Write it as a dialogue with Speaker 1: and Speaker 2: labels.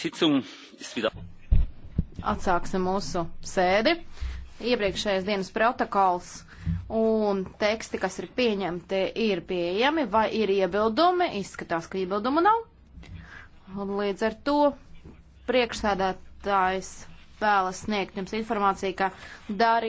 Speaker 1: Atsāksim
Speaker 2: mūsu sēdi. Iepriekšējais dienas protokols un teksti, kas ir pieņemti, ir pieejami vai ir iebildumi. Izskatās, ka iebildumu nav. Un līdz ar to priekšsēdētājs vēlas sniegt jums informāciju, ka Dārija